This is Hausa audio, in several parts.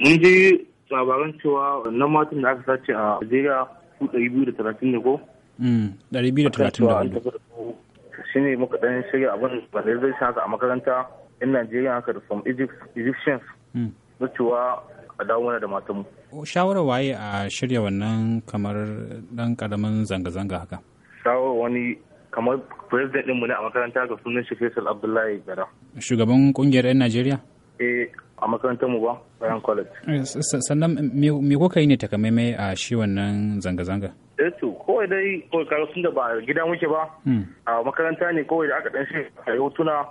mun ji labaran cewa wannan matan da aka sace a Najeriya su ɗari biyu da talatin ne ko? Mm, ɗari biyu da talatin da hudu. Shi ne muka ɗan shirya abin ba da zai haka a makaranta in Najeriya haka da from Egyptians. Mm. Na cewa a dawo da matanmu. Shawarar waye a shirya wannan kamar ɗan ƙaramin zanga-zanga haka? Shawarar wani kamar president ɗinmu ne a makaranta ga sunan shi Faisal Abdullahi Gara. Shugaban ƙungiyar 'yan Najeriya? Eh, a makarantar mu ba bayan college. Sannan me kuka yi ne takamaimai a shi wannan zanga-zanga? Eto, eh kawai dai kawai karo sun da ba gida muke ba, hmm. a makaranta ne kawai da aka ɗan shi a hotuna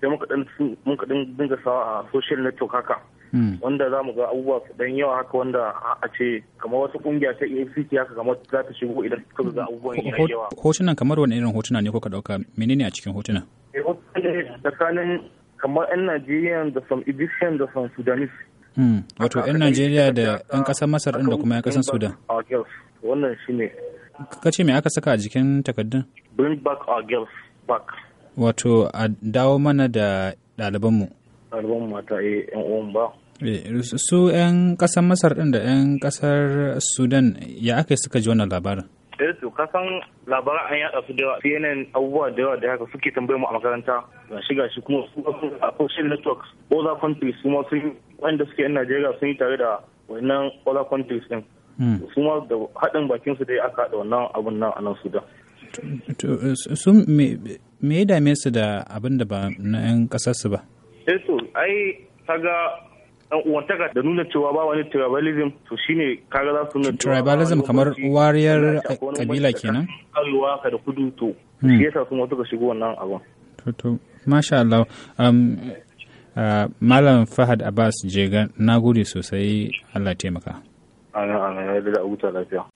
sai muka ɗan muka ɗan dinga sawa a social network haka. Hmm. Wanda za mu ga abubuwa su dan yawa haka wanda a ce kamar wasu ƙungiya ta AFCT haka kamar za ta shigo idan suka ga abubuwan yawa. Hotunan kamar wani irin hotuna ne kuka dauka menene a cikin hotuna? Eh, hotunan tsakanin kamar 'yan Najeriya da some Egyptian da some Sudanese. Hmm, wato 'yan Najeriya da 'yan ƙasar Masar ɗin da kuma 'yan ƙasar Sudan. Wannan shi ne. Ka ce me aka saka a jikin takardun? Bring back our girls back. Wato a dawo mana da ɗalibanmu. Ɗalibanmu mata eh 'yan uwan ba. Eh, su 'yan ƙasar Masar ɗin da 'yan ƙasar Sudan ya aka suka ji wannan labarin? eh su ka san labaran an yaɗa su da yawa CNN abubuwa da yawa da haka suke tambayar mu a makaranta ga shi ga shi kuma su a social networks oza countries su ma sun wanda suke yan Najeriya sun yi tare da wannan oza countries din hmm. su ma da haɗin bakin su dai aka haɗa wannan abun nan a nan Sudan eh, sun me ya dame su da abin da ba na 'yan ƙasarsu ba? Eh to ai kaga dan uwantaka da nuna cewa ba wani tribalism to shine kaga za su nuna tribalism kamar wariyar kabila kenan arewa ka da kudu to hmm. shi yasa sun wata ka shigo wannan abun to to masha Allah um uh, Malam Fahad Abbas Jega, na gode sosai Allah taimaka. ana ana ya da lafiya.